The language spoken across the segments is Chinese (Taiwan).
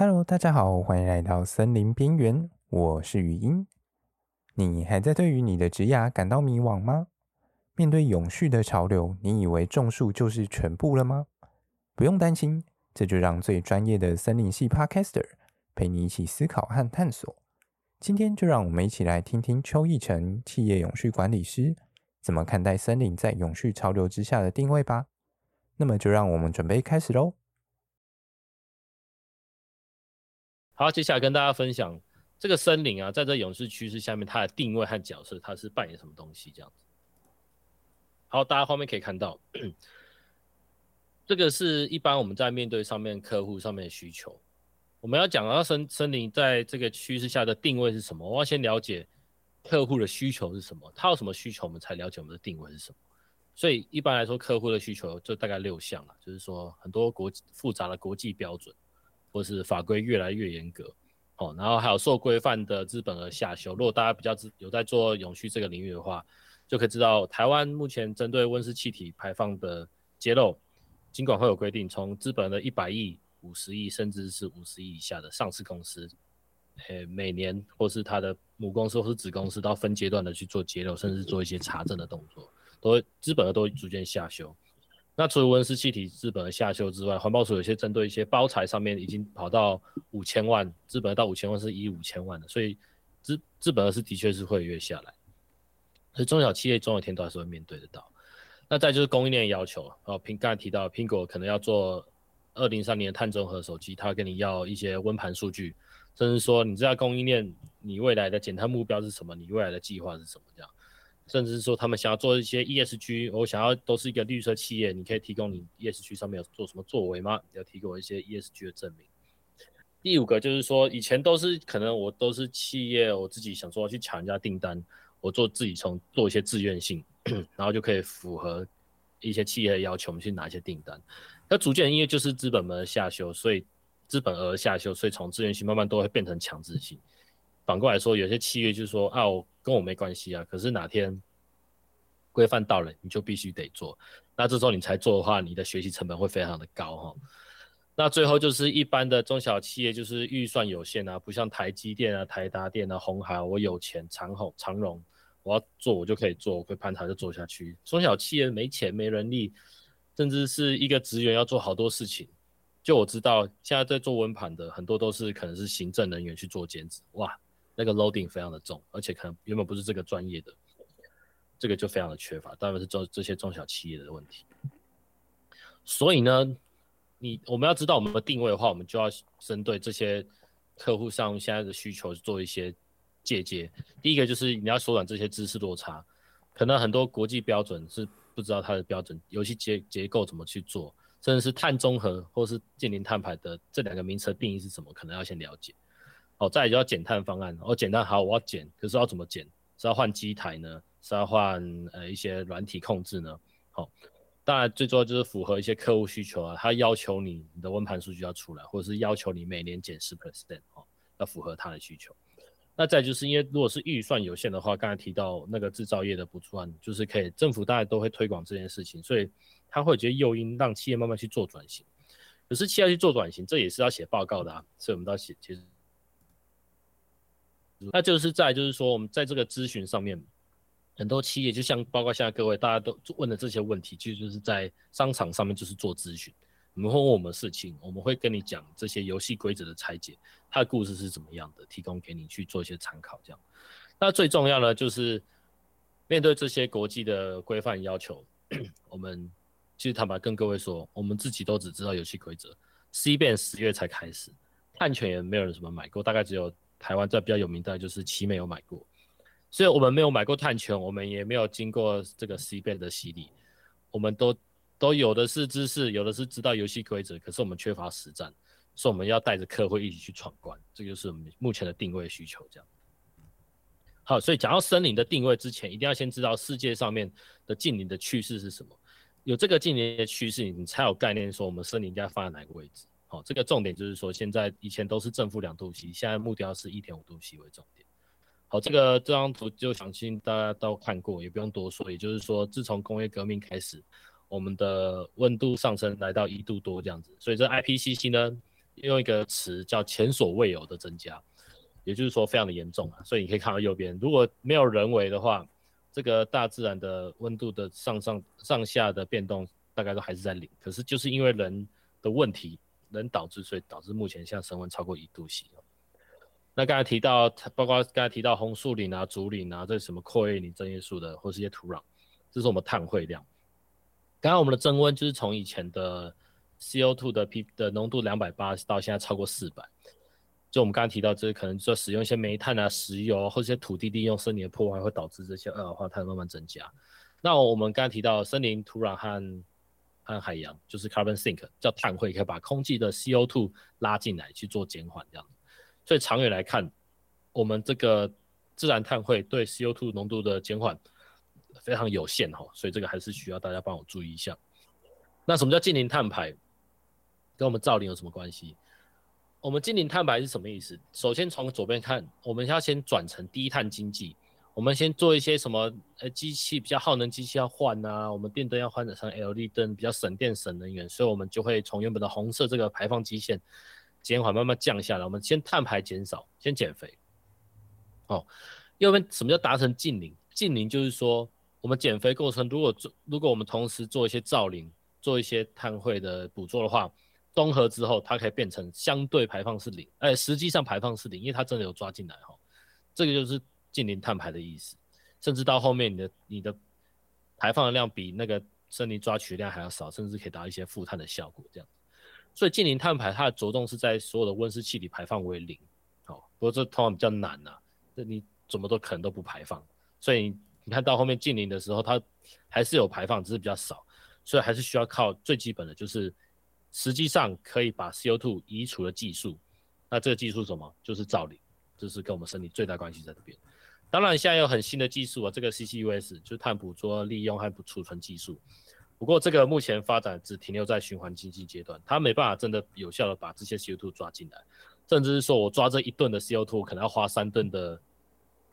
Hello，大家好，歡迎來到森林邊緣，我是雨音。你還在對於你的職涯感到迷惘嗎？面對永續的潮流，你以為種樹就是全部了嗎？不用擔心，這就讓最專業的森林系 Podcaster 陪你一起思考和探索。今天就讓我們一起來聽聽邱奕辰企業永續管理師怎麼看待森林在永續潮流之下的定位吧。那麼就讓我們準備開始嘍。好，接下來跟大家分享這個森林啊，在這永續趨勢下面，它的定位和角色，它是扮演什麼東西這樣子。好，大家後面可以看到， 這個是一般我們在面對上面客戶上面的需求，我們要講到森森林在這個趨勢下的定位是什麼，我要先了解客戶的需求是什麼，他有什麼需求，我們才了解我們的定位是什麼。所以一般來說，客戶的需求就大概六項了，就是說很多國複雜的國際標準，或是法規越來越嚴格，哦，然後還有受規範的資本額下修。如果大家比較有在做永續這個領域的話，就可以知道台灣目前針對溫室氣體排放的揭露，金管會有規定，從資本額一百億、五十億，甚至是五十億以下的上市公司，欸，每年或是它的母公司或是子公司，到分階段的去做揭露，甚至做一些查證的動作，都資本額都會逐漸下修。那除了溫室氣體資本的下修之外，環保署有些針對一些包材上面已經跑到五千萬，資本到五千萬是一億五千萬的，所以資資本的是的確是會越下來，所以中小企業、總有一天都還是會面對得到。那再就是供應鏈要求，啊、哦，蘋剛才提到蘋果可能要做二零三零碳中和手機，它會跟你要一些溫盤數據，甚至說你知道供應鏈，你未來的減碳目標是什麼？你未來的計劃是什麼？這樣。甚至是說他們想要做一些 ESG，我想要都是一個綠色企業，你可以提供你 ESG 上面有做什麼作為嗎？要提供我一些 ESG 的證明。第五個就是說，以前都是可能我都是企業，我自己想說去搶人家訂單，我做自己從做一些自願性，然後就可以符合一些企業的要求去拿一些訂單。那逐漸因為就是資本額下修，所以資本額下修，所以從自願性慢慢都會變成強制性。反過來說，有些企業就是說啊跟我沒關係啊，可是哪天規範到了，你就必須得做。那這時候你才做的話，你的學習成本會非常的高哈、哦。那最後就是一般的中小企業，就是預算有限啊，不像台積電啊、台達電啊、鴻海、啊，我有錢長虹長榮，我要做我就可以做，我會盤查就做下去。中小企業沒錢沒人力，甚至是一個職員要做好多事情。就我知道現在在做溫盤的很多都是可能是行政人員去做兼職，哇。那個 loading 非常的重，而且可能原本不是這個專業的，這個就非常的缺乏，當然是做這些中小企業的問題。所以呢，你我們要知道我們的定位的話，我們就要針對這些客戶上現在的需求做一些借鑑。第一個就是你要縮短這些知識落差，可能很多國際標準是不知道它的標準，尤其結結構怎麼去做，甚至是碳中和或是近零碳排的這兩個名詞的定義是什麼，可能要先了解。哦，再就要減碳方案。我、哦、減碳好，我要減，可是要怎麼減？是要換機台呢？是要換呃一些軟體控制呢？好、哦，當然最重要就是符合一些客戶需求啊。他要求你，你的溫盤數據要出來，或者是要求你每年減十 percent 哦，要符合他的需求。那再就是因為如果是預算有限的話，剛才提到那個制造業的補助案，就是可以政府大概都會推廣這件事情，所以他會覺得誘因讓企業慢慢去做轉型。可是企業要去做轉型，這也是要寫報告的啊，所以我們要寫其實。那就是在，就是說，我們在這個諮詢上面，很多企業就像包括現在各位大家都問的這些問題，其實就是在商場上面就是做諮詢，你們會問我們事情，我們會跟你講這些遊戲規則的拆解，它的故事是怎麼樣的，提供給你去做一些參考。這樣，那最重要呢，就是面對這些國際的規範要求，我們其實坦白跟各位說，我們自己都只知道遊戲規則，CBAM 十月才開始，碳權也沒有人什麼買過，大概只有。台灣在比較有名的，就是奇美有買過，所以我們沒有買過碳權，我們也沒有經過這個 C b a d 的洗禮，我們都都有的是知識，有的是知道遊戲規則，可是我們缺乏實戰，所以我們要帶着客戶一起去闖關，這就是我們目前的定位需求。這樣，好，所以講到森林的定位之前，一定要先知道世界上面的淨零的趨勢是什麼，有這個淨零的趨勢，你才有概念說我們森林應該放在哪個位置。好，這個重點就是說，現在以前都是正負兩度 C，現在目標是一點五度 C 為重點。好，這個這張圖就相信大家都看過，也不用多說。也就是說，自從工業革命開始，我們的溫度上升來到一度多這樣子。所以這 IPCC 呢，用一個詞叫前所未有的增加，也就是說非常的嚴重啊。所以你可以看到右邊，如果沒有人為的話，這個大自然的溫度的上上上下的變動，大概都還是在零。可是就是因為人的問題。能導致，所以導致目前現在升溫超過一度。那剛才提到，包括剛才提到紅樹林啊、竹林啊，這什麼闊葉林、針葉樹的，或是一些土壤，這是我們碳匯量。剛剛我們的增溫就是從以前的 CO2 的 p 的濃度兩百八，到現在超過四百。就我們剛剛提到，這可能說使用一些煤炭啊、石油啊，或者一些土地利用、森林的破壞，會導致這些二氧化碳慢慢增加。那我們剛剛提到森林、土壤和看海洋就是 carbon sink，叫碳匯，可以把空氣的 CO2 拉進來去做減緩這樣。所以長遠來看，我們這個自然碳匯對 CO2 濃度的減緩非常有限哈，所以這個還是需要大家幫我注意一下。那什麼叫淨零碳排？跟我們造林有什麼關係？我們淨零碳排是什麼意思？首先從左邊看，我們要先轉成低碳經濟。我們先做一些什麼？呃，機器比較耗能，機器要換啊。我們電燈要換成 LED 燈，比較省電省能源。所以我們就會從原本的紅色這個排放基線減緩，慢慢降下來。我們先碳排減少，先減肥。哦，因為什麼叫達成淨零？淨零就是說我們減肥過程，如果做，如果我們同時做一些造林，做一些碳匯的捕捉的話，綜合之後它可以變成相對排放是零，哎，實際上排放是零，因為它真的有抓進來哈、哦。這個就是。淨零碳排的意思，甚至到後面你的你的排放的量比那個森林抓取量還要少，甚至可以達到一些負碳的效果，這樣。所以淨零碳排它的着重是在所有的溫室氣體排放為零。好、哦，不過這通常比較難吶、啊。這你怎麼都可能都不排放，所以你看到後面淨零的時候，它還是有排放，只是比較少。所以還是需要靠最基本的就是，實際上可以把 CO2 移除的技術。那這個技術什麼？就是造林，這、就是跟我們森林最大關係在這邊。當然，現在有很新的技術啊，這個 CCUS 就是碳捕捉、利用和儲存技術。不過，這個目前發展只停留在循環經濟階段，它沒辦法真的有效的把這些 CO2 抓進來，甚至是說我抓這一噸的 CO2，可能要花三噸的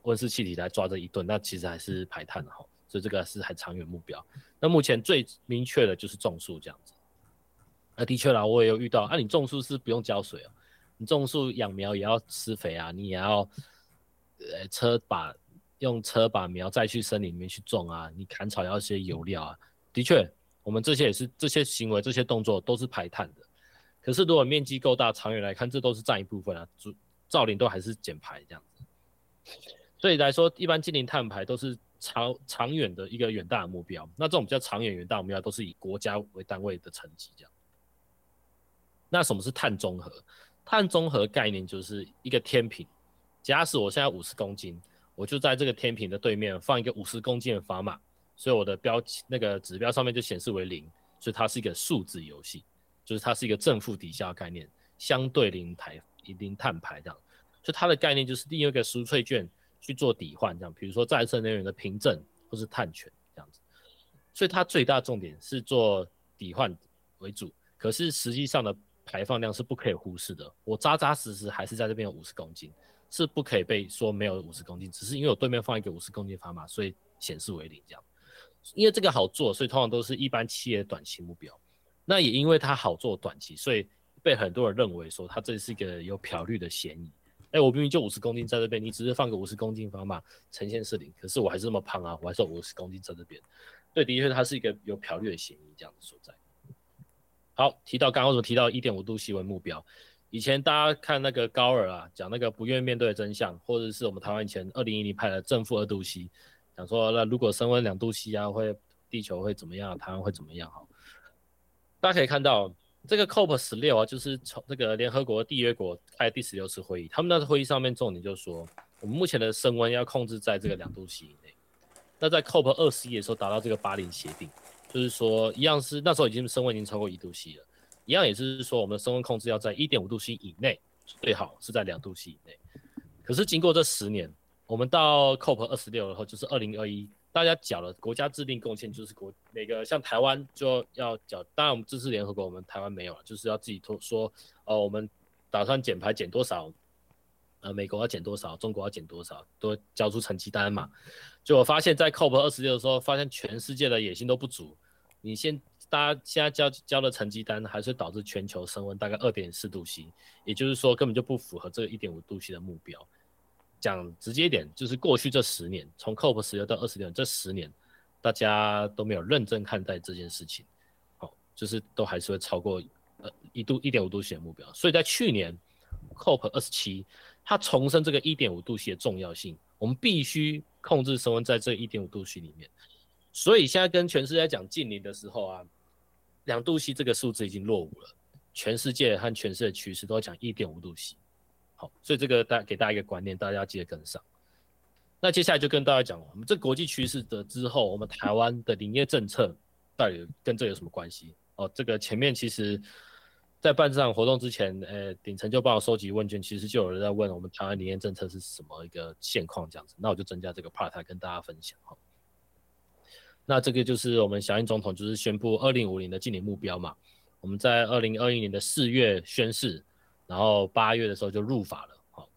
溫室氣體來抓這一噸，那其實還是排碳的好。所以這個是很長遠目標。那目前最明確的就是種樹這樣子。那的確啦，我也有遇到。那，啊，你種樹是不用澆水，啊，你種樹養苗也要施肥啊，你也要。呃，車把用車把苗再去森林裡面去種啊，你砍草要一些油料啊，的確，我們這些也是這些行為，這些動作都是排碳的。可是如果面積夠大，長遠來看，這都是佔一部分啊。主造林都還是減排這樣子。所以來說，一般淨零碳排都是長長遠的一個遠大的目標。那這種比較長遠遠大的目標都是以國家為單位的成績。這樣。那什麼是碳中和？碳中和概念就是一個天平。假使我現在五十公斤，我就在這個天平的對面放一個五十公斤的砝碼，所以我的標那個指標上面就顯示為零，所以它是一個數字遊戲，就是它是一個正負抵銷的概念，相對零台零碳排放，所以它的概念就是利用一個贖罪券去做抵換這樣，比如說再生能源的憑證或是碳權這樣子，所以它最大重點是做抵換為主，可是實際上的排放量是不可以忽視的，我紮紮實實還是在這邊有五十公斤。是不可以被說沒有五十公斤，只是因為我對面放一個五十公斤砝碼，所以顯示為零這樣。因為這個好做，所以通常都是一般企業的短期目標。那也因為它好做短期，所以被很多人認為說它這是一個有漂綠的嫌疑。哎、欸，我明明就五十公斤在這邊，你只是放個五十公斤砝碼呈現是零，可是我還是這麼胖啊，我還是五十公斤在這邊。對，的確它是一個有漂綠的嫌疑這樣的所在。好，提到剛剛我們提到一點五度 C 為目標。以前大家看那個高爾啊，講那個不願面對的真相，或者是我們台灣以前二零一零拍的正負二度 C，講說，那如果升溫兩度 C 啊，會地球會怎麼樣，台灣會怎麼樣哈。大家可以看到這個 COP 十六啊，就是從這個聯合國締約國開第十六次會議，他們那次會議上面重點就是說，我們目前的升溫要控制在這個兩度 C 以內。那在 COP 二十一的時候達到這個巴黎協定，就是說一樣是那時候已經升溫已經超過一度 C 了。一樣也是說，我們的升溫控制要在一點五度 C 以內，最好是在兩度 C 以內。可是經過這十年，我們到 COP 二十六然後，就是二零二一，大家繳了國家制定貢獻，就是國每個像台灣就要繳。當然我們支持聯合國，我們台灣沒有了，就是要自己說呃、哦，我們打算減排減多少？呃，美國要減多少？中國要減多少？都交出成績單嘛？就我發現，在 COP 二十六的時候，發現全世界的野心都不足。你先。他現在交交的成績單還是導致全球升溫大概二點四度 C，也就是說根本就不符合這個一點五度 C 的目標。講直接一點，就是過去這十年，從 COP 十六到二十六，這十年大家都沒有認真看待這件事情。好，哦，就是都還是會超過呃一度一點五度 C 的目標。所以在去年 COP 二十七，27, 它重申這個一點五度 C 的重要性，我們必須控制升溫在這一點五度 C 裡面。所以現在跟全世界講淨零的時候啊。兩度 C，這個數字已經落伍了，全世界和全世界的趨勢都在講一點五度 C。好，所以這個大給大家一個觀念，大家要記得跟上。那接下來就跟大家講，我們這國際趨勢的之後，我們台灣的林業政策到底跟這有什麼關係？哦，這個前面其實，在辦這場活動之前，呃，頂層就幫我收集問卷，其實就有人在問我們台灣林業政策是什麼一個現況這樣子，那我就增加這個 part 來跟大家分享，哦。那這個就是我們小英總統就是宣布二零五零的淨零目標嘛。我們在二零二一年的四月宣誓，然後八月的時候就入法了。好，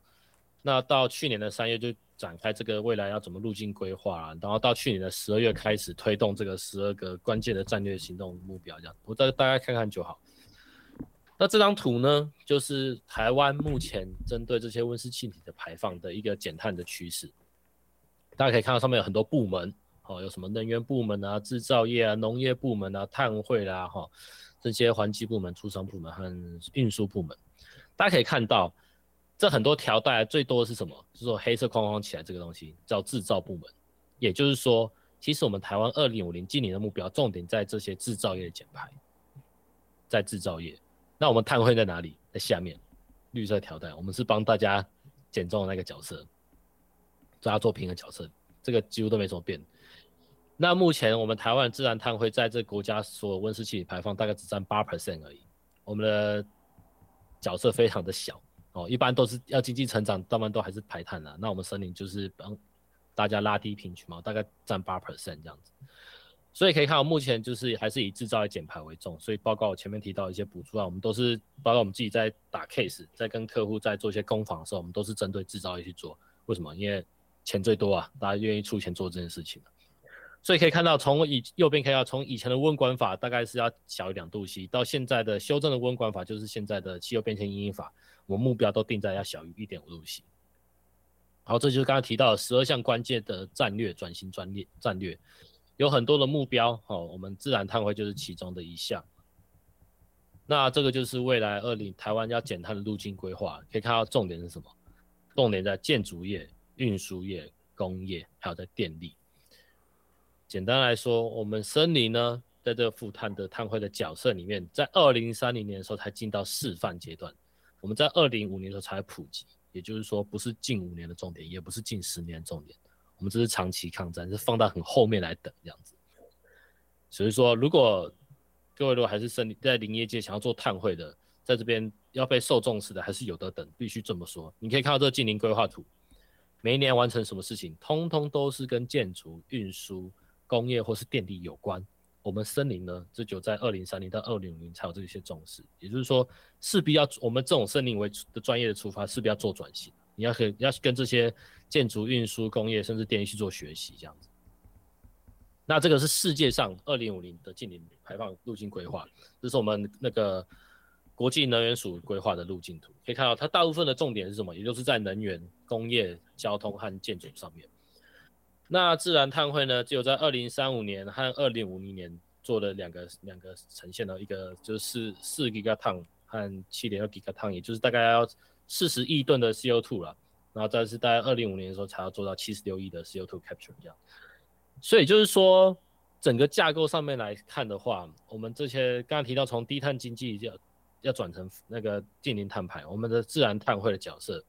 那到去年的三月就展開這個未來要怎麼路徑規劃啊，然後到去年的十二月開始推動這個十二個關鍵的戰略行動目標。這樣，我帶大家看看就好。那這張圖呢，就是台灣目前針對這些溫室氣體的排放的一個減碳的趨勢。大家可以看到上面有很多部門。哦，有什麼能源部門啊、製造業啊、農業部門啊、碳匯啦、啊、哈這些環境部門、住商部門和運輸部門，大家可以看到，這很多條帶最多的是什麼？就是說黑色框框起來這個東西叫製造部門，也就是說，其實我們台灣二零五零淨零的目標重點在這些製造業的減排，在製造業。那我們碳匯在哪裡？在下面綠色條帶，我們是幫大家減重的那個角色，大家做平衡角色，這個幾乎都沒什麼變。那目前我們台灣自然碳匯在這個國家所有溫室氣體排放大概只占八 percent 而已，我們的角色非常的小哦，一般都是要經濟成長，當然都還是排碳啦、啊。那我們森林就是幫大家拉低平均嘛，大概占八 percent 這樣子。所以可以看到目前就是還是以制造業減排為重。所以報告我前面提到一些補助啊，我們都是包括我們自己在打 case，在跟客戶在做一些攻防的時候，我們都是針對制造業去做。為什麼？因為錢最多啊，大家願意出錢做這件事情了、啊。所以可以看到，從以右邊可以看到，從以前的溫管法大概是要小於兩度 C，到現在的修正的溫管法，就是現在的氣候變遷因應法，我們目標都定在要小於一點五度 C。好，這就是剛剛提到十二項關鍵的戰略轉型戰略戰略，有很多的目標哦。我們自然碳匯就是其中的一項。那這個就是未來二零台灣要減碳的路徑規劃，可以看到重點是什麼？重點在建築業、運輸業、工業，還有在電力。簡單來說，我們森林呢，在這個負碳、的碳匯的角色裡面，在二零三零年的時候才進到示範階段，我們在二零五零年的時候才普及，也就是說，不是近五年的重點，也不是近十年的重點，我們這是長期抗戰，是放到很後面來等這樣子。所以說，如果各位如果還是森林在林業界想要做碳匯的，在這邊要備受重視的，還是有得等，必須這麼說。你可以看到這個近鄰規劃圖，每一年完成什麼事情，通通都是跟建築、運輸。工業或是電力有關，我們森林呢？這就在二零三零到二零五零才有這些重視，也就是說，勢必要我們這種森林為的專業的出發，勢必要做轉型。你要去，你要跟這些建築、運輸、工業甚至電力去做學習，這樣子。那這個是世界上二零五零的近零排放路徑規劃，這是我們那個國際能源署規劃的路徑圖，可以看到它大部分的重點是什麼？也就是在能源、工業、交通和建築上面。那自然碳匯呢，只有在二零三五年和二零五零年做了兩個兩個呈現了一個，就是四 gigaton 和七點二 gigaton，也就是大概要四十億噸的 CO2 了。然後，但是大概二零五年的時候才要做到七十六億的 CO2 capture 這樣。所以就是說，整個架構上面來看的話，我們這些剛剛提到從低碳經濟要要轉成那個淨零碳排，我們的自然碳匯的角色，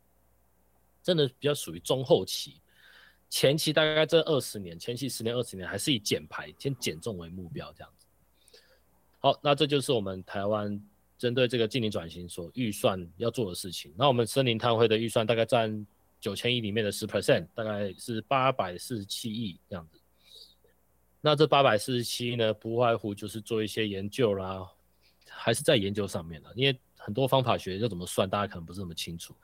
真的比較屬於中後期。前期大概這二十年，前期十年、二十年還是以減排、先減重為目標這樣子。好，那這就是我們台灣針對這個淨零轉型所預算要做的事情。那我們森林碳匯的預算大概佔九千億裡面的十 percent，大概是八百四十七億這樣子。那這八百四十七億呢，不外乎就是做一些研究啦，還是在研究上面的，因為很多方法學要怎麼算，大家可能不是那麼清楚。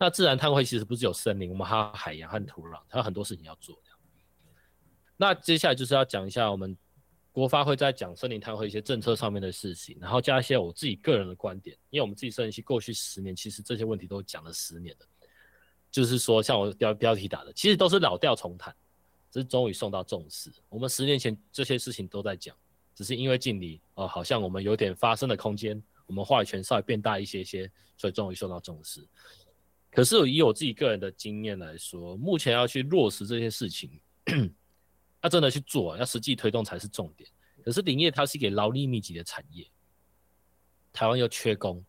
那自然碳匯其實不是有森林，我們還有海洋和土壤，還有很多事情要做。那接下來就是要講一下我們國發會在講森林碳匯一些政策上面的事情，然後加一些我自己個人的觀點。因為我們自己森林系過去十年其實這些問題都講了十年了，就是說像我標標題打的，其實都是老調重彈，只是終於受到重視。我們十年前這些事情都在講，只是因為近離哦、呃，好像我們有點發聲的空間，我們話語權稍微變大一些些，所以終於受到重視。可是以我自己個人的經驗來說，目前要去落實這件事情，要、啊、真的去做，要實際推動才是重點。可是林業它是一個勞力密集的產業，台灣又缺工，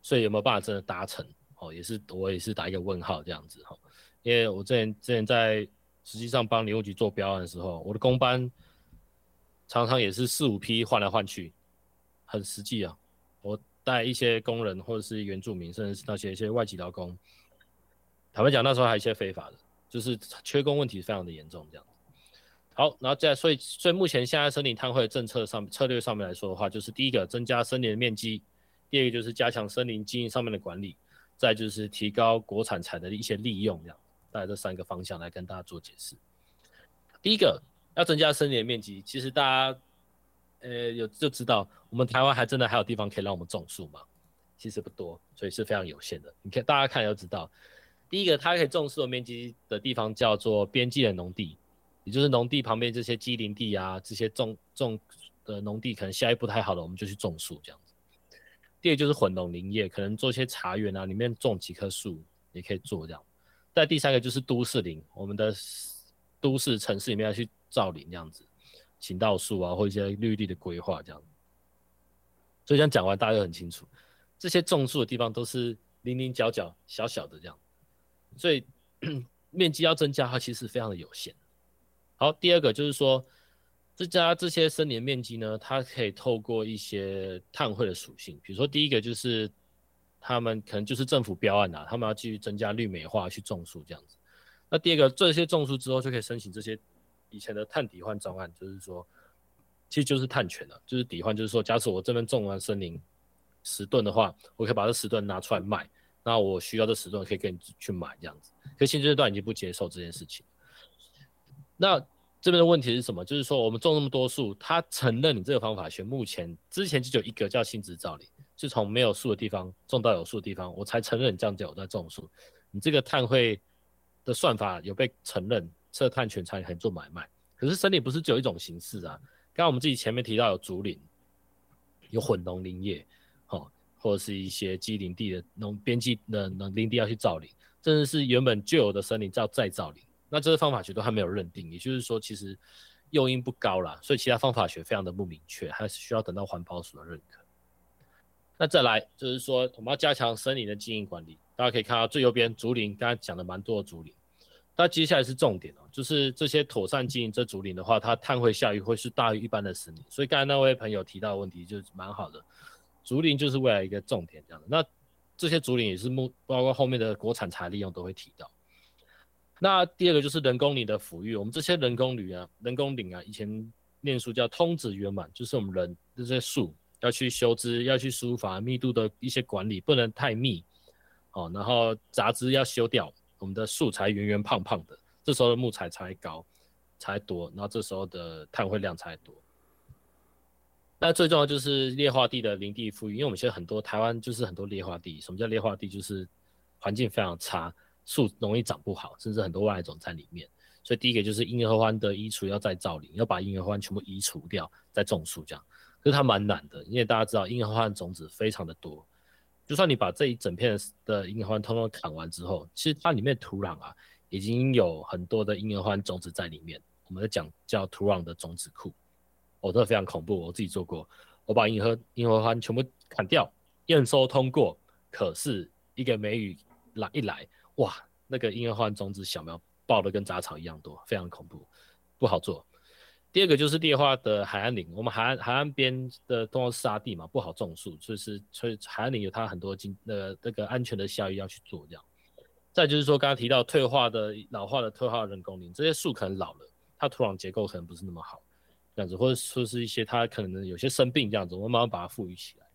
所以有沒有辦法真的達成？哦，也是我也是打一個問號這樣子哈、哦。因為我之前之前在實際上幫林務局做標案的時候，我的工班常常也是四五批換來換去，很實際啊、哦。我帶一些工人，或者是原住民，甚至是那些一些外籍勞工。坦白講，那時候還有一些非法的，就是缺工問題非常的嚴重。這樣好，然後再所以所以目前現在森林碳匯的政策上策略、上面來說的話，就是第一個增加森林的面積，第二個就是加強森林經營上面的管理，再就是提高國產材的一些利用，這樣大概這三個方向來跟大家做解釋。第一個要增加森林的面積，其實大家呃有就知道，我們台灣還真的還有地方可以讓我們種樹嗎？其實不多，所以是非常有限的。你可以大家看就知道。第一個，它可以種樹的面積的地方叫做邊際的農地，也就是農地旁邊這些基林地啊，這些種種的農地可能下一步太好了，我們就去種樹這樣子。第二就是混農林業，可能做一些茶園啊，裡面種幾棵樹也可以做這樣。但第三個就是都市林，我們的都市城市裡面要去造林這樣子，行道樹啊，或一些綠地的規劃這樣子。所以這樣講完，大家很清楚，這些種樹的地方都是零零角角、小小的這樣。所以面積要增加，它其實是非常的有限。好，第二個就是說，這家這些森林的面積呢，它可以透過一些碳匯的屬性，比如說第一個就是他們可能就是政府標案啊，他們要繼續增加綠美化去種樹這樣子。那第二個，這些種樹之後就可以申請這些以前的碳抵換方案，就是說，其實就是碳權了啊，就是抵換，就是說，假設我這邊種完森林十噸的話，我可以把這十噸拿出來賣。那我需要的時段可以跟你去買這樣子，可是現階段已經不接受這件事情。那這邊的問題是什麼？就是說我們種那麼多樹，他承認你這個方法學，目前之前就有一個叫新植造林，是從沒有樹的地方種到有樹的地方，我才承認你這樣子有我在種樹。你這個碳匯的算法有被承認，這碳權才可做買賣。可是森林不是只有一種形式啊，剛剛我們自己前面提到有竹林，有混農林業。或者是一些基林地的農邊際的農林地要去造林，甚至是原本就有的森林要再造林，那這個方法學都還沒有認定，也就是說其實誘因不高啦。所以其他方法學非常的不明確，還是需要等到環保署的認可。那再來就是說我們要加強森林的經營管理，大家可以看到最右邊竹林，剛才講的蠻多的竹林，那接下來是重點哦、喔，就是這些妥善經營這竹林的話，它碳匯效益會是大於一般的森林，所以剛才那位朋友提到的問題就是蠻好的。竹林就是未來一個重點，這樣子。那這些竹林也是木，包括後面的國產材利用都會提到。那第二個就是人工林的撫育。我們這些人工林啊，人工林啊，以前念書叫通直圓滿，就是我們人這些樹要去修枝，要去疏伐，密度的一些管理不能太密，哦，然後雜枝要修掉。我們的樹才圓圓胖胖的，這時候的木材才高，才多，然後這時候的碳匯量才多。那最重要就是劣化地的林地復育，因為我們現在很多台灣就是很多劣化地。什麼叫劣化地？就是環境非常差，樹容易長不好，甚至很多外來種在裡面。所以第一個就是銀合歡的移除，要再造林，要把銀合歡全部移除掉，再種樹這樣。可是它蠻難的，因為大家知道銀合歡種子非常的多，就算你把這一整片的銀合歡通通砍完之後，其實它裡面土壤啊，已經有很多的銀合歡種子在裡面。我們在講叫土壤的種子庫。我真的非常恐怖，我自己做過，我把銀合銀合歡全部砍掉，驗收通過，可是一個梅雨來一來，哇，那個銀合歡種子小苗爆的跟雜草一樣多，非常恐怖，不好做。第二個就是退化的海岸林，我們海岸海岸邊的都是沙地嘛，不好種樹，所以是所以海岸林有它很多經、那個那個安全的效益要去做這樣。再就是說，剛剛提到退化的老化的退化的人工林，這些樹可能老了，它土壤結構可能不是那麼好。這樣子，或者說是一些他可能有些生病這樣子，我們慢慢把它富裕起來。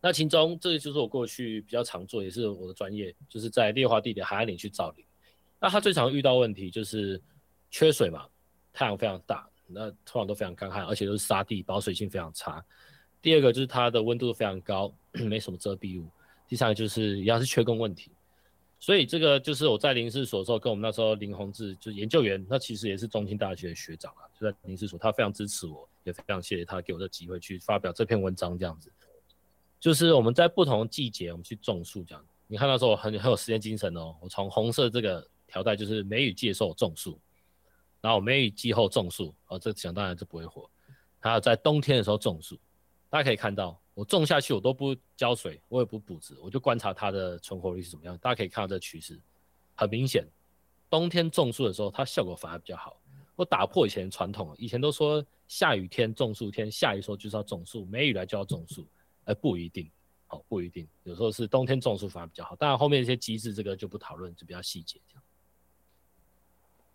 那其中，這個就是我過去比較常做，也是我的專業，就是在劣化地點海岸林去造林。那他最常遇到問題就是缺水嘛，太陽非常大，那土壤都非常乾旱，而且都是沙地，保水性非常差。第二個就是它的溫度非常高， 沒什麼遮蔽物。第三個就是要是缺工問題。所以這個就是我在林試所的時候，跟我們那時候林宏志就研究員，他其實也是中興大學的學長啊，就在林試所。他非常支持我，也非常謝謝他給我的機會去發表這篇文章這樣子。就是我們在不同的季節我們去種樹這樣，你看到時候很很有時間精神哦、喔，我從紅色這個條帶就是梅雨季的時候種樹，然後梅雨季後種樹，哦、喔、這想、個，當然就不會活。還有在冬天的時候種樹，大家可以看到。我種下去，我都不澆水，我也不補植，我就觀察它的存活率是怎麼樣？大家可以看到這個趨勢，很明顯，冬天種樹的時候，它效果反而比較好。我打破以前傳統，以前都說下雨天種樹天，天下雨時候就是要種樹，梅雨來就要種樹，哎，不一定，哦，不一定，有時候是冬天種樹反而比較好。當然，後面一些機制這個就不討論，就比較細節這樣。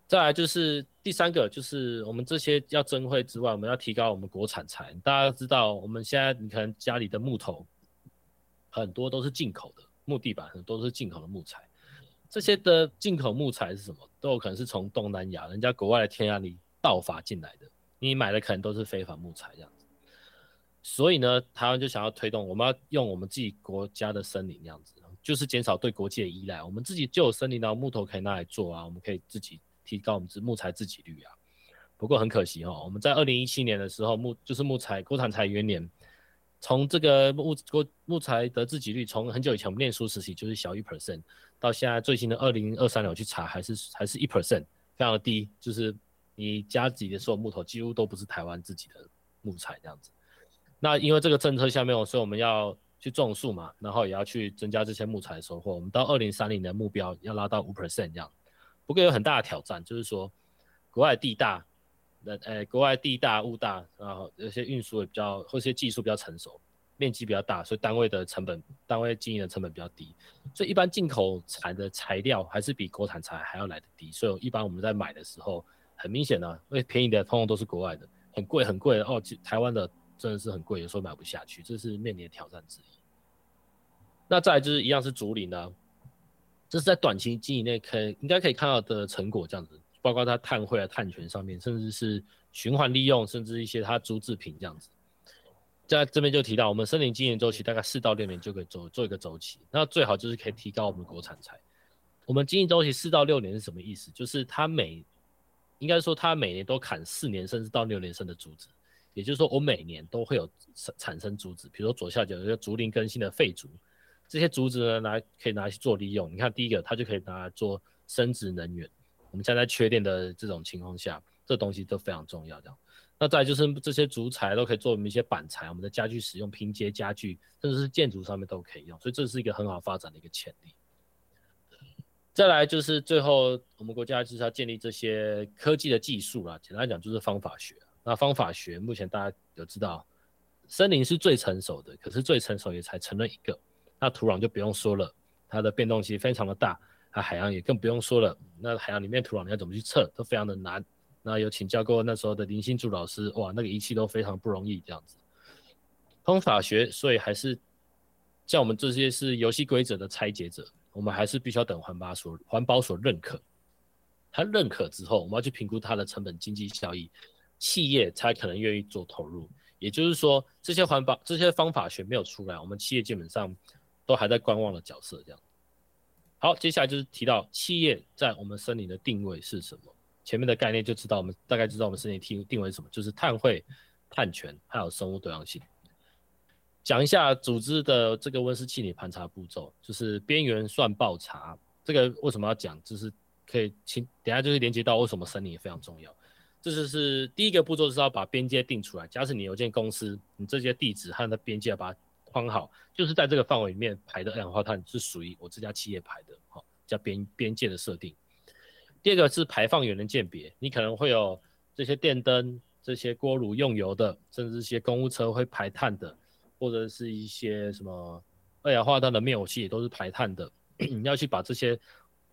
再來就是第三個，就是我們這些要增匯之外，我們要提高我們國產材。大家知道，我們現在，你可能家裡的木頭很多都是進口的，木地板很多都是進口的木材。這些的進口木材是什麼？都有可能是從東南亞人家國外的天然林盜伐進來的。你買的可能都是非法木材這樣子。所以呢，台灣就想要推動，我們要用我們自己國家的森林，這樣子就是減少對國際的依賴。我們自己就有森林，然後木頭可以拿來做啊，我們可以自己。提高我們自木材，自給率啊，不過很可惜哦，我們在二零一七年的時候木，就是木材國產材元年，從這個木、國木材的自給率從很久以前我們念書時期，就是小於一 percent，到現在最新的二零二三年我去查還是還是一 percent，非常的低，就是你家自己的所有木頭幾乎都不是台灣自己的木材這樣子。那因為這個政策下面，我說我們要去種樹嘛，然後也要去增加這些木材的收穫，我們到二零三零年的目標要拉到五 percent 這樣。不過有很大的挑戰，就是說國外地大，那、哎、誒國外地大物大，然後有些運輸也比較，或是一些技術比較成熟，面積比較大，所以單位的成本、單位經營的成本比較低，所以一般進口材的材料還是比國產材還要來得低。所以一般我們在買的時候，很明顯的、啊，因為便宜的通通都是國外的，很貴很貴哦，台灣的真的是很貴，有時候買不下去，這是面臨的挑戰之一。那再就是一樣是竹林呢、啊。這是在短期經營內可以應該可以看到的成果，這樣子，包括它碳匯啊、碳權上面，甚至是循環利用，甚至一些它竹製品這樣子，在這邊就提到，我們森林經營周期大概四到六年就可以做做一個周期，那最好就是可以提高我們國產材。我們經營周期四到六年是什麼意思？就是它每應該說它每年都砍四年甚至到六年生的竹子，也就是說我每年都會有產生竹子，比如說左下角有一個竹林更新的廢竹。這些竹子呢，拿可以拿去做利用。你看第一個，它就可以拿來做生質能源。我們現在在缺電的這種情況下，這東西都非常重要這樣。這那再就是這些竹材都可以做我們一些板材，我們的家具使用、拼接家具，甚至是建築上面都可以用，所以這是一個很好發展的一個潛力。嗯，再來就是最後，我們國家就是要建立這些科技的技術啦。簡單講就是方法學。那方法學目前大家有知道，森林是最成熟的，可是最成熟也才成了一個。那土壤就不用說了，它的變動性非常的大。它海洋也更不用說了，那海洋裡面土壤你要怎麼去測都非常的難。那有請教過那時候的林心柱老師，哇，那個儀器都非常不容易這樣子。方法學，所以還是像我們這些是遊戲規則的拆解者，我們還是必須要等環保所環保所認可，他認可之後，我們要去評估它的成本經濟效益，企業才可能願意做投入。也就是說，這些環保這些方法學沒有出來，我們企業基本上。都還在觀望的角色，這樣。好，接下來就是提到企業在我們森林的定位是什麼。前面的概念就知道，我們大概知道我們森林定定位是什麼，就是碳匯、碳權還有生物多樣性。講一下組織的這個溫室氣體盤查步驟，就是邊緣算報查。這個為什麼要講，就是可以請等下就是連接到為什麼森林也非常重要。這就是第一個步驟是要把邊界定出來。假使你有間公司，你這些地址和那邊界要把它。剛好就是在這個範圍裡面排的二氧化碳是屬於我這家企業排的，好叫邊邊界的設定。第二個是排放源的鑑別，你可能會有這些電燈、這些鍋爐用油的，甚至這些公務車會排碳的，或者是一些什麼二氧化碳的滅火器也都是排碳的，你 要去把這些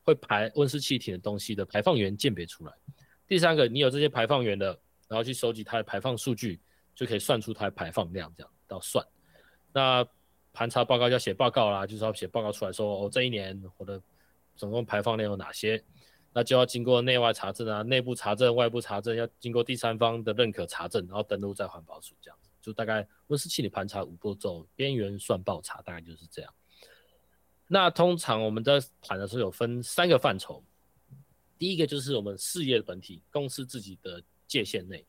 會排溫室氣體的東西的排放源鑑別出來。第三個，你有這些排放源的，然後去收集它的排放數據，就可以算出它的排放量這樣，都要算。那盤查報告要寫報告啦，就是要寫報告出來說，我、哦、這一年我的總共排放量有哪些，那就要經過內外查證啊，內部查證、外部查證，要經過第三方的認可查證，然後登錄在環保署這樣子，就大概溫室氣體盤查五步驟，邊緣算報查，大概就是這樣。那通常我們在盤的時候有分三個範疇，第一個就是我們事業本體公司自己的界限內。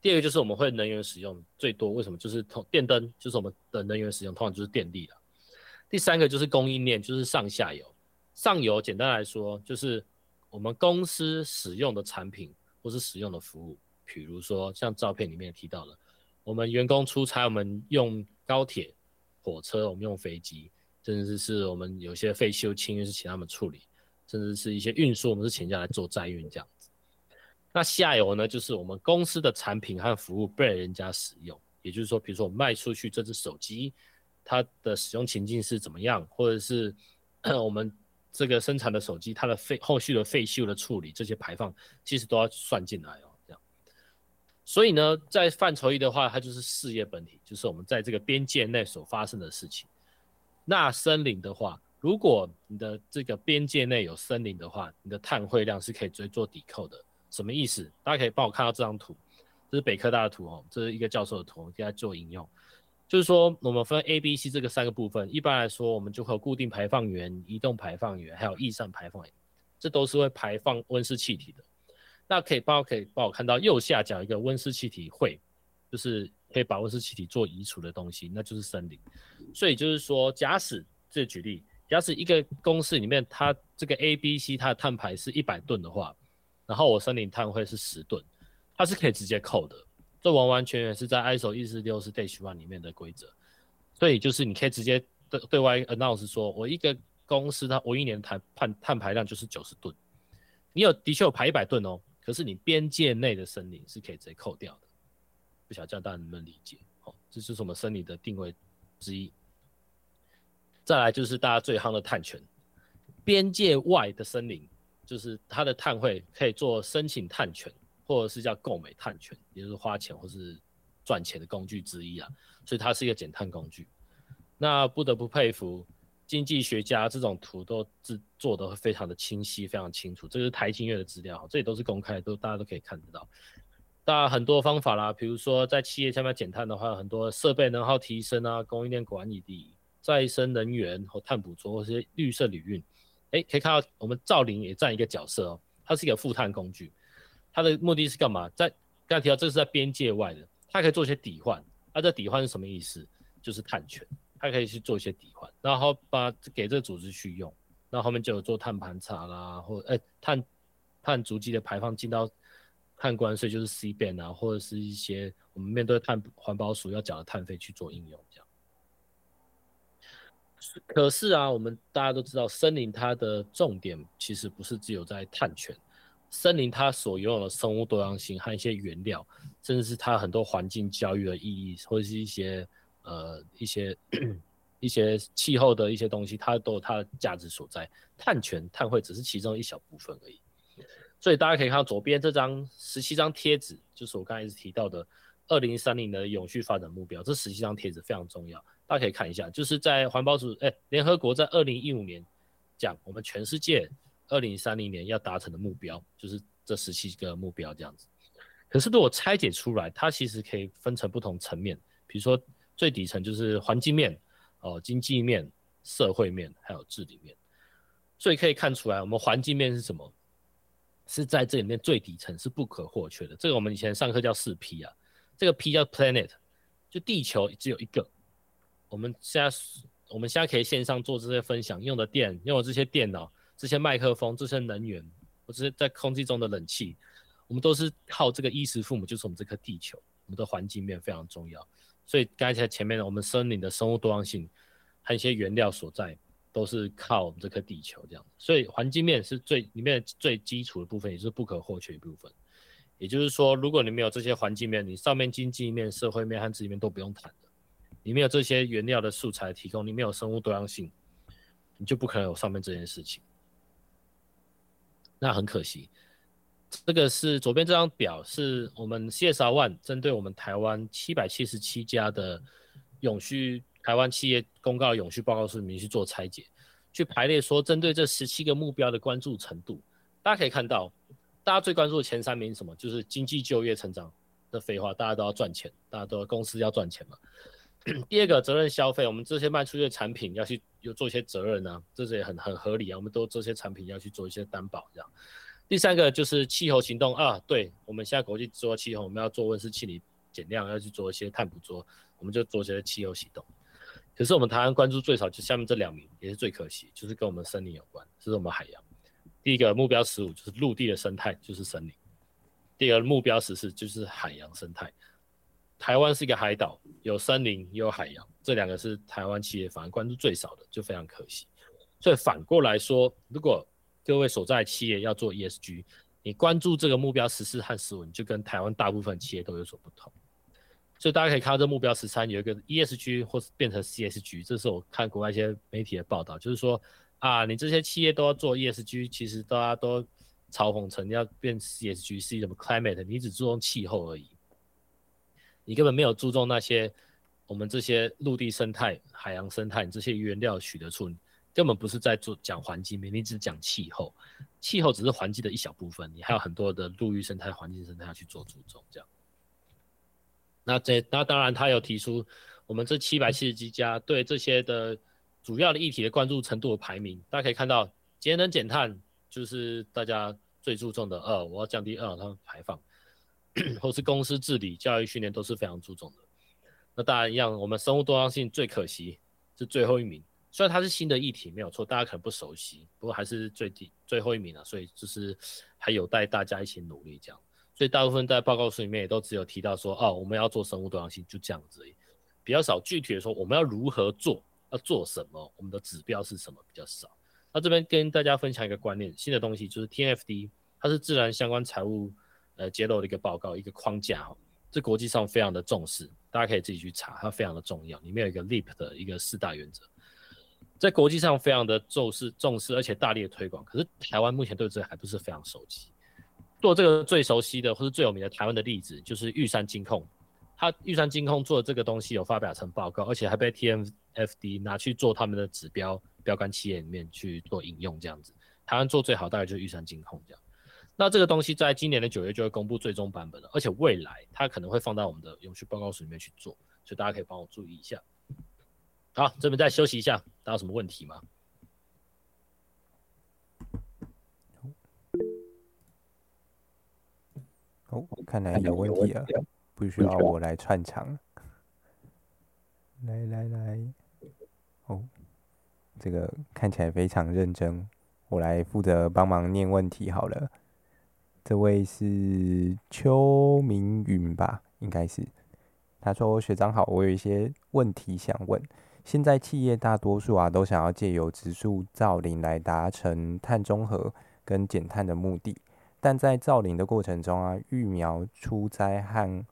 第二個就是我們會能源使用最多，為什麼？就是通電燈，就是我們的能源使用通常就是電力了。第三個就是供應鏈，就是上下游。上游簡單來說，就是我們公司使用的產品或是使用的服務，比如說像照片裡面也提到的，我們員工出差，我們用高鐵、火車，我們用飛機，甚至是我們有些廢修清運是請他們處理，甚至是一些運輸，我們是請人家來做載運這樣。那下游呢，就是我們公司的產品和服務被人家使用，也就是說，比如說我賣出去這只手機，它的使用情境是怎麼樣，或者是我們這個生產的手機，它的廢，後續的廢修的處理，這些排放，其實都要算進來哦。這樣，所以呢，在範疇一的話，它就是事業本體，就是我們在這個邊界內所發生的事情。那森林的話，如果你的這個邊界內有森林的話，你的碳匯量是可以追做抵扣的。什麼意思？大家可以幫我看到這張圖，這是北科大的圖哦，這是一個教授的圖，給他做引用。就是說，我們分 A、B、C 這個三個部分。一般來說，我們就和固定排放源、移動排放源，還有逸散排放源，這都是會排放溫室氣體的。那可以幫我可以幫我看到右下角一個溫室氣體會，就是可以把溫室氣體做移除的東西，那就是森林。所以就是說，假使這舉例，假使一個公司裡面，它這個 A、B、C 它的碳排是一百噸的話。然後我森林碳匯是十噸，它是可以直接扣的，這完完全全是在 ISO 14064-1裡面的規則，所以就是你可以直接對對外 announce 說，我一個公司它我一年碳碳碳排量就是九十噸，你有的確有排一百噸哦，可是你邊界內的森林是可以直接扣掉的，不曉得這樣大家能不能理解？好、哦，這是我們森林的定位之一。再來就是大家最夯的碳權，邊界外的森林。就是它的碳匯可以做申請碳權，或者是叫購買碳權，也就是花錢或是賺錢的工具之一啊，所以它是一個減碳工具。那不得不佩服經濟學家，這種圖都制做得非常的清晰，非常清楚。這是台經院的資料，這裡都是公開的，都大家都可以看得到。當然很多方法啦，比如說在企業下面減碳的話，很多設備能耗提升啊，供應鏈管理第一，再生能源和碳捕捉，或是綠色旅運。誒，可以看到我們造林也佔一個角色哦，它是一個負碳工具，它的目的是幹嘛？在剛才提到這是在邊界外的，它可以做一些抵換。那、啊、這抵換是什麼意思？就是碳權，它可以去做一些抵換，然後把給這個組織去用，那後，後面就有做碳盤查啦，或哎碳碳足跡的排放進到碳關稅就是 CBAM 啊，或者是一些我們面對碳環保署要繳的碳費去做應用。可是啊，我們大家都知道，森林它的重點其實不是只有在碳權，森林它所擁有的生物多樣性和一些原料，甚至是它很多環境教育的意義，或者是一些呃一些 一些氣候的一些東西，它都有它的價值所在。碳權碳匯只是其中一小部分而已。所以大家可以看到左邊這張十七張貼紙，就是我剛才一直提到的二零三零的永續發展目標，這十七張貼紙非常重要。大家可以看一下，就是在環保組，哎、欸，聯合國在二零一五年講，我們全世界二零三零年要達成的目標，就是這十七個目標這樣子。可是如果拆解出來，它其實可以分成不同層面，比如說最底層就是環境面、哦、呃、經濟面、社會面還有治理面。所以可以看出來，我們環境面是什麼？是在這裡面最底層是不可或缺的。這個我們以前上課叫四 P 啊，這個 P 叫 Planet，就地球只有一個。我們現在，我們現在可以線上做這些分享，用的電，用的這些電腦、這些麥克風、這些能源，或者在空氣中的冷氣，我們都是靠這個衣食父母，就是我們這顆地球。我們的環境面非常重要，所以剛才前面的我們森林的生物多樣性，還有一些原料所在，都是靠我們這顆地球這樣。所以環境面是最裡面最基礎的部分，也是不可或缺一部分。也就是說，如果你沒有這些環境面，你上面經濟面、社會面和資源面都不用談的。你沒有這些原料的素材提供，你沒有生物多樣性，你就不可能有上面這件事情。那很可惜，這個是左邊這張表，是我們 CSRone 針對我們台灣七百七十七家的永續台灣企業公告永續報告書裡面去做拆解，去排列說針對這十七個目標的關注程度。大家可以看到，大家最關注的前三名是什麼？就是經濟就業成長。那廢話，大家都要賺錢，大家都要公司要賺錢嘛。第二個責任消費，我們這些賣出去的產品要去有做一些責任呢、啊，這是也很很合理啊。我們都做些產品要去做一些擔保這樣。第三個就是氣候行動啊，對，我們現在國際做氣候，我們要做溫室氣體減量，要去做一些碳捕捉，我們就做一些氣候行動。可是我們台灣關注最少就下面這兩名，也是最可惜，就是跟我們森林有關，是我們海洋。第一個目標十五就是陸地的生態就是森林，第二個目標十四就是海洋生態。台灣是一個海島，有森林也有海洋，這兩個是台灣企業反而關注最少的，就非常可惜。所以反過來說，如果各位所在的企業要做 ESG，你關注這個目標十四和十五，你就跟台灣大部分企業都有所不同。所以大家可以看到，這目標十三有一個 ESG，或是變成 CSG，這是我看國外一些媒體的報道，就是說啊，你這些企業都要做 ESG，其實大家都嘲諷成要變 CSG，是什麼 climate，你只注重氣候而已。你根本沒有注重那些我們這些陸地生態、海洋生態這些原料取得處理，根本不是在做講環境，你只講氣候，氣候只是環境的一小部分，你還有很多的陸域生態環境生態要去做注重這樣。那這那當然，他有提出我們這七百七十七家對這些的主要的議題的關注程度的排名，大家可以看到，節能減碳就是大家最注重的，二，我要降低二氧化碳排放。 或是公司治理、教育訓練都是非常注重的。那當然一樣，我們生物多樣性最可惜是最後一名。雖然它是新的議題，沒有錯，大家可能不熟悉，不過還是最低最後一名了，所以就是還有待大家一起努力這樣。所以大部分在報告書裡面也都只有提到說，哦，我們要做生物多樣性，就這樣子，比較少具體的說我們要如何做，要做什麼，我們的指標是什麼，比較少。那這邊跟大家分享一個觀念，新的東西就是 TNFD，它是自然相關財務。呃，揭露的一個報告，一個框架哈，這國際上非常的重視，大家可以自己去查，它非常的重要。裡面有一個 LEAP 的一個四大原則，在國際上非常的重視，重視而且大力的推廣。可是台灣目前對這個還不是非常熟悉。做這個最熟悉的，或是最有名的台灣的例子，就是玉山金控。它玉山金控做的這個東西有發表成報告，而且還被 TMFD 拿去做他們的指標標杆企業裡面去做引用這樣子。台灣做最好大概就是玉山金控這樣。那這個東西在今年的九月就會公布最終版本了，而且未來它可能會放到我們的永續報告書裡面去做，所以大家可以幫我注意一下。好，這邊再休息一下，大家有什麼問題嗎？哦，我看來有問題了，不需要我來串場。來來來，來來哦，這個看起來非常認真，我來負責幫忙念問題好了。這位是邱明雲吧？應該是。他說：“學長好，我有一些問題想問。現在企業大多數啊，都想要借由植樹造林來達成碳中和跟減碳的目的。但在造林的過程中啊，育苗、出栽和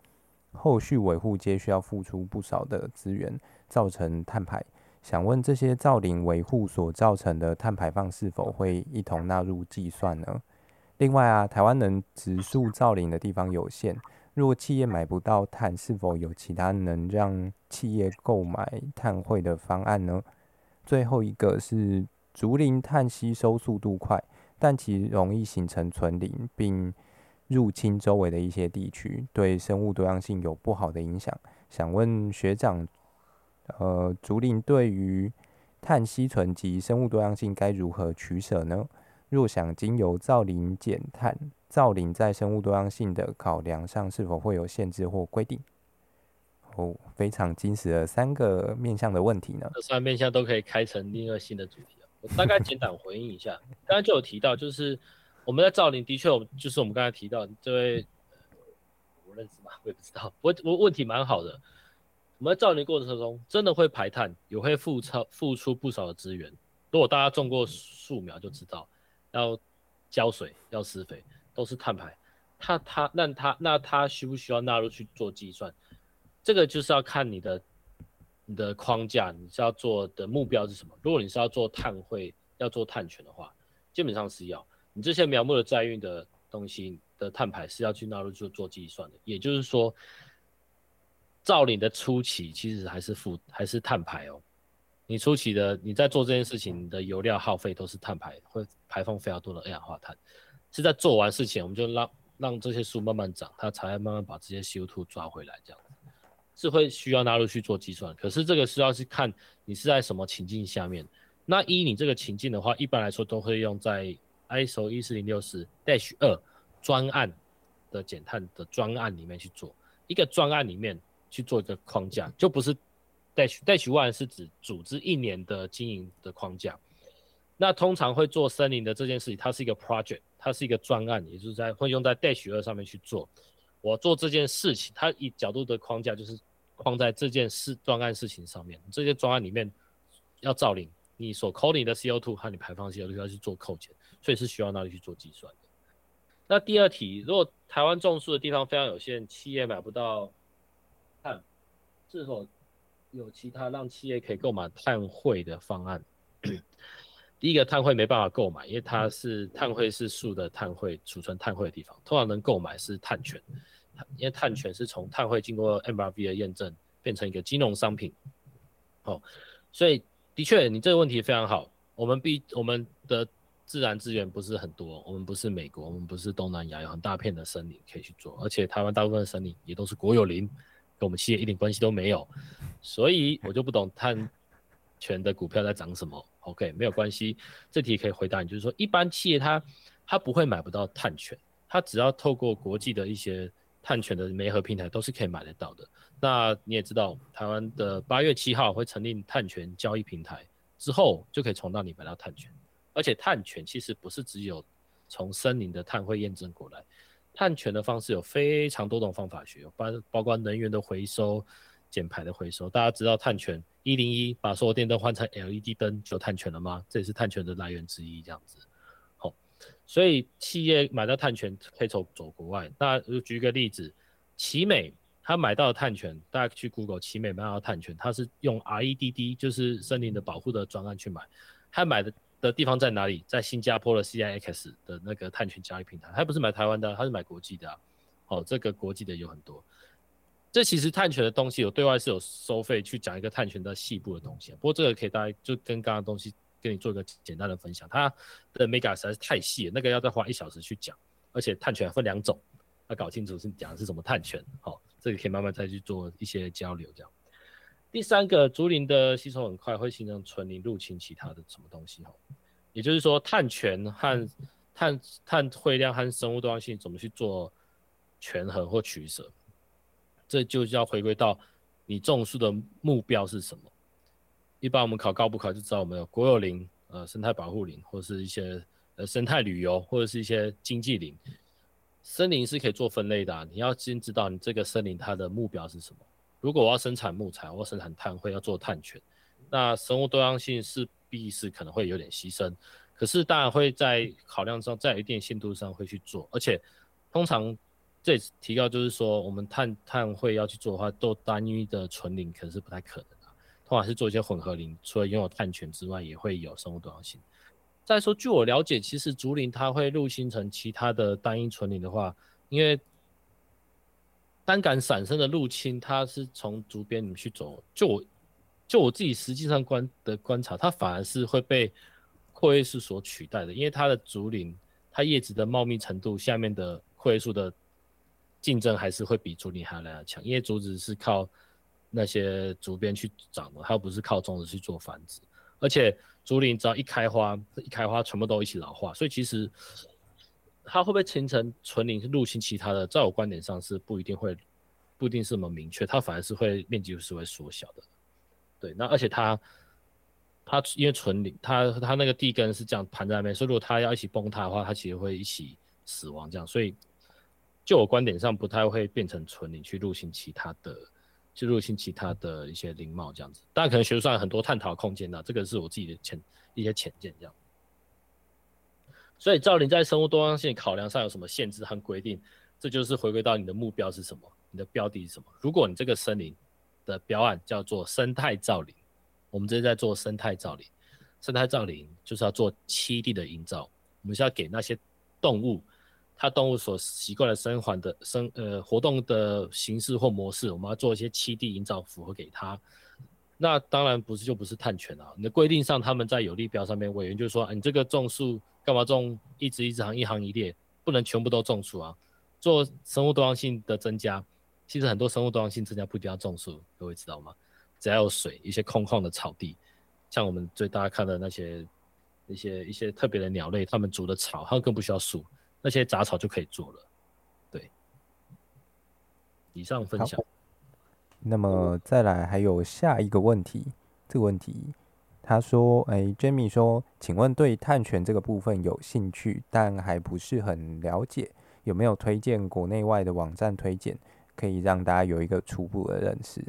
後續維護皆需要付出不少的資源，造成碳排。想問這些造林維護所造成的碳排放，是否會一同納入計算呢？”另外啊，台灣能植樹造林的地方有限。如果企業買不到碳，是否有其他能讓企業購買碳匯的方案呢？最後一個是竹林，碳吸收速度快，但其容易形成純林，並入侵周圍的一些地區，對生物多樣性有不好的影響。想問學長，呃，竹林對於碳吸存及生物多樣性該如何取捨呢？若想經由造林減碳，造林在生物多樣性的考量，上是否會有限制或規定？哦、oh，非常精實的三個面向的問題呢？這三個面向都可以開成另一個新的主題啊！我大概簡單回應一下，剛剛 就有提到、就是，就是我們在造林的確，就是我們剛才提到這位，我認識嗎？我也不知道，我我問題蠻好的。我們在造林過程中，真的會排碳，也會付出付出不少的資源。如果大家種過樹苗，就知道。要澆水，要施肥，都是碳排。它它那它那它需不需要納入去做計算？這個就是要看你的你的框架，你是要做的目標是什麼。如果你是要做碳匯，要做碳權的話，基本上是要你這些苗木的載運的東西的碳排是要去納入去做計算的。也就是說，造林的初期其實還是負還是碳排哦、喔。你初期的你在做這件事情你的油料耗費都是碳排，會排放非常多的二氧化碳，是在做完事情我們就讓讓這些樹慢慢長，它才慢慢把這些 CO2 抓回來，這樣子是會需要納入去做計算。可是這個是要去看你是在什麼情境下面，那一你這個情境的話，一般來說都會用在 ISO 一四零六四 -Dash 二專案的減碳的專案裡面去做一個專案，案裡面去做一個框架，就不是，Dash Dash One 是指組織一年的經營的框架，那通常會做森林的這件事情，它是一個 project，它是一個專案，也就是在會用在 Dash 二上面去做。我做這件事情，它以角度的框架就是框在這件事專案事情上面，這些專案裡面要造林，你所扣你的 CO2 和你排放 CO2 要去做扣減，所以是需要哪裡去做計算的。那第二題，如果台灣種樹的地方非常有限，企業買不到碳，是否？有其他讓企業可以購買碳匯的方案。 第一個碳匯沒辦法購買，因為它是碳匯是樹的碳匯，儲存碳匯的地方。通常能購買是碳權，因為碳權是從碳匯經過 MRV 的驗證，變成一個金融商品。哦，所以的確，你這個問題非常好。我們比我們的自然資源不是很多，我們不是美國，我們不是東南亞，有很大片的森林可以去做，而且台灣大部分的森林也都是國有林。跟我們企業一點關係都沒有，所以我就不懂碳權的股票在漲什麼。OK，沒有關係，這題可以回答你，就是說一般企業它它不會買不到碳權，它只要透過國際的一些碳權的媒合平台都是可以買得到的。那你也知道，台灣的八月七號會成立碳權交易平台之後，就可以從那裡買到碳權，而且碳權其實不是只有從森林的碳匯驗證過來。碳權的方式有非常多種方法學，包包括能源的回收、減排的回收。大家知道碳權一零一把所有電燈換成 LED 燈就碳權了嗎？這也是碳權的來源之一，這樣子。好、哦，所以企業買到碳權可以走走國外。那舉個例子，奇美他買到碳權，大家去 Google 奇美買到碳權，他是用 REDD，就是森林的保護的專案去買，他買的。的地方在哪裡？在新加坡的 CIX 的那個碳權交易平台，他不是買台灣的，他是買國際的、啊。好、哦，這個國際的有很多。這其實碳權的東西有對外是有收費去講一個碳權的細部的東西。嗯、不過這個可以大家就跟剛剛東西跟你做一個簡單的分享。它的 Mega 實在是太細了，那個要再花一小時去講。而且碳權分兩種，要搞清楚是講的是什麼碳權。好、哦，這個可以慢慢再去做一些交流這樣。第三個竹林的吸收很快，會形成純林入侵其他的什麼東西哈，也就是說，碳權和碳碳匯量和生物多樣性怎麼去做權衡或取舍，這就要回歸到你種樹的目標是什麼。一般我們考高普考就知道我們有國有林呃生態保護林或是一些呃生態旅遊或者是一些經濟林，森林是可以做分類的啊，你要先知道你這個森林它的目標是什麼。如果我要生產木材，我要生產碳匯，要做碳權，那生物多樣性勢必是可能會有點犧牲。可是，當然會在考量上，在一定限度上會去做。而且，通常這提高就是說，我們碳碳匯要去做的話，做單一的純林可能是不太可能的，啊，通常是做一些混合林，除了擁有碳權之外，也會有生物多樣性。再說，據我了解，其實竹林它會入侵成其他的單一純林的話，因為。單桿散生的入侵，它是從竹鞭裡面去走。就我，就我自己實際上觀的觀察，它反而是會被闊葉樹所取代的。因為它的竹林，它葉子的茂密程度，下面的闊葉樹的競爭還是會比竹林還要來得強。因為竹子是靠那些竹鞭去長的，它又不是靠種子去做繁殖。而且竹林只要一開花，一開花全部都一起老化，所以其實。它會不會形成純林入侵其他的？在我觀點上是不一定會，不一定這麼明確。它反而是會面積是會縮小的。對，那而且它，它因為純林，它它那個地根是這樣盤在那邊，所以如果它要一起崩塌的話，它其實會一起死亡這樣。所以，就我觀點上不太會變成純林去入侵其他的，去入侵其他的一些林貌這樣子。但可能學術上很多探討空間的，這個是我自己的淺一些淺見這樣。所以造林在生物多樣性考量上有什麼限制和規定？這就是回歸到你的目標是什麼，你的標的是什麼？如果你這個森林的標案叫做生態造林，我們這是在做生態造林，生態造林就是要做棲地的營造，我們需要給那些動物，它動物所習慣的生還的生呃活動的形式或模式，我們要做一些棲地營造符合給它。那當然不是，就不是碳權了、啊。你的規定上他們在有利標上面，委員就是說：“你這個種樹幹嘛種？一直一直行一行一列，不能全部都種樹啊。”做生物多樣性的增加，其實很多生物多樣性增加不一定要種樹，各位知道嗎？只要有水，一些空曠的草地，像我們最大家看的那些一些一些特別的鳥類，它們煮的草，它更不需要樹，那些雜草就可以做了。對，以上分享。那麼再來還有下一個問題，這個問題他說：“哎、欸、，Jimmy 說，請問對碳權這個部分有興趣，但還不是很了解，有沒有推薦國內外的網站推薦，可以讓大家有一個初步的認識？”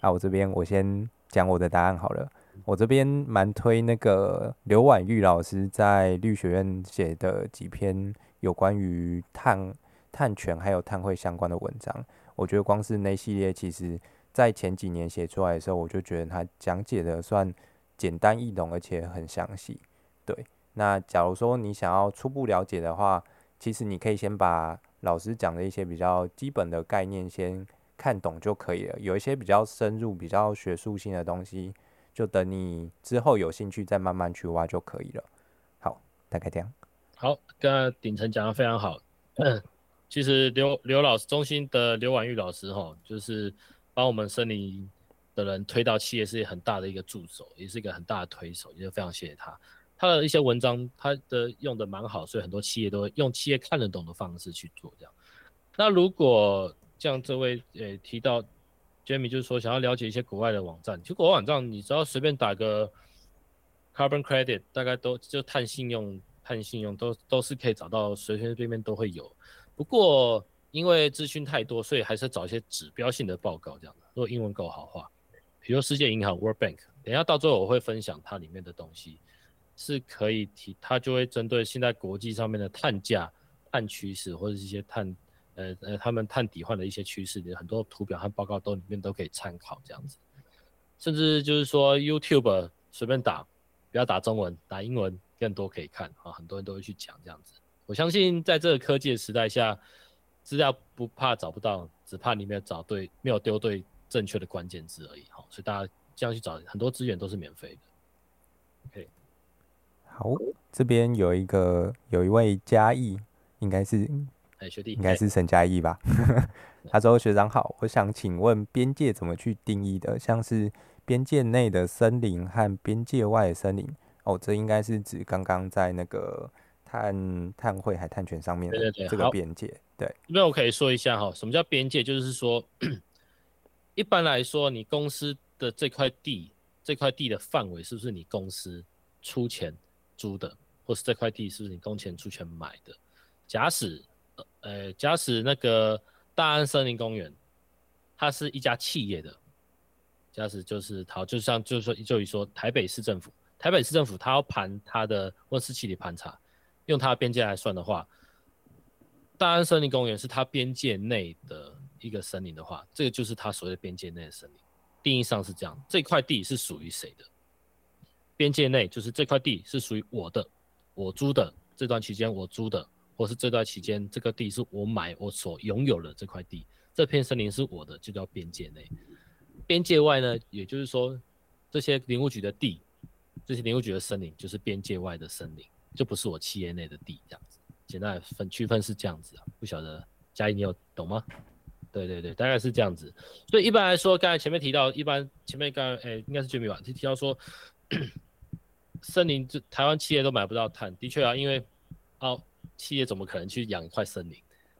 啊，我這邊我先講我的答案好了。我這邊蠻推那個劉婉玉老師在綠學院寫的幾篇有關於碳碳權還有碳匯相關的文章。我覺得光是那系列，其實，在前幾年寫出來的時候，我就覺得它講解的算簡單易懂，而且很詳細。對，那假如說你想要初步了解的話，其實你可以先把老師講的一些比較基本的概念先看懂就可以了。有一些比較深入、比較學術性的東西，就等你之後有興趣再慢慢去挖就可以了。好，大概這樣。好，剛剛頂層講得非常好。嗯其實劉劉老師中心的劉婉玉老師哈、哦，就是把我們森林的人推到企業是一個很大的一個助手，也是一個很大的推手，也非常謝謝他。他的一些文章，他的用得蠻好，所以很多企業都用企業看得懂的方式去做這樣。那如果像這位誒提到 Jamie，就是說想要了解一些國外的網站，其實國外網站你只要隨便打個 Carbon Credit，大概都就碳信用碳信用都都是可以找到，隨隨便便便都會有。不過因為資訊太多，所以還是要找一些指標性的報告這樣的。如果英文夠好的話，比如世界銀行 （World Bank），等一下到最後我會分享它裡面的東西，是可以提，它就會針對現在國際上面的碳價、碳趨勢或者是一些碳，呃呃，他們碳抵換的一些趨勢，很多圖表和報告都裡面都可以參考這樣子。甚至就是說，YouTube 隨便打，不要打中文，打英文更多可以看啊，很多人都會去講這樣子。我相信，在這個科技的時代下，資料不怕找不到，只怕你沒有找對、沒有丟對正確的關鍵字而已，喔。所以大家這樣去找，很多資源都是免費的。Okay. 好，這邊有一個有一位嘉義，應該是哎、欸、學弟，應該是沈嘉義吧？欸、 他說、欸、學長好，我想請問邊界怎麼去定義的？像是邊界內的森林和邊界外的森林，哦，這應該是指剛剛在那個。碳碳匯還碳權上面的，的這個邊界，好對。那我可以說一下哈、喔，什麼叫邊界？就是說， 一般來說，你公司的這塊地，這塊地的範圍是不是你公司出錢租的，或是這塊地是不是你工錢出錢買的？假使呃，假使那個大安森林公園，它是一家企業的，假使就是他，就像就說就以說，就說台北市政府，台北市政府它要盤它的溫室氣體盤查。用它的邊界來算的話，大安森林公園是它邊界內的一個森林的話，這個就是它所謂的邊界內的森林。定義上是這樣，這塊地是屬於誰的？邊界內就是這塊地是屬於我的，我租的這段期間我租的，或是這段期間這個地是我買我所擁有的這塊地，這片森林是我的，就叫邊界內。邊界外呢，也就是說，這些林務局的地，這些林務局的森林就是邊界外的森林。就不是我企業內的地這樣子，簡單來分區分是這樣子啊，不曉得佳義你有懂嗎？對對對，大概是這樣子。所以一般來說，剛才前面提到，一般前面剛誒、欸、應該是 m 民吧，提到說森林這台灣企業都買不到碳，的確啊，因為哦企業怎麼可能去養一塊森林？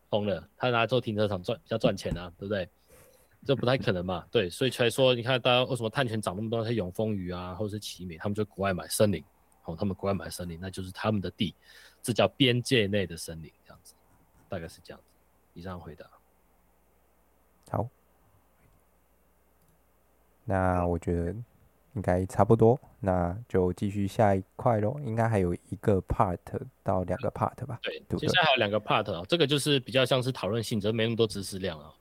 瘋了，他拿做停車場賺比較賺錢啊，對不對？這不太可能嘛，對，所以才說你看大家為什麼碳權漲那麼多，像永豐魚啊，或者是奇美，他們就國外買森林。他們國外買森林，那就是他們的地，這叫邊界內的森林，這樣子，大概是這樣子。以上回答，好，那我覺得應該差不多，那就繼續下一塊咯。應該還有一個 part 到兩個 part 吧？對，對對，現在還有兩個 part 啊，這個就是比較像是討論性質，就是、沒那麼多知識量啊。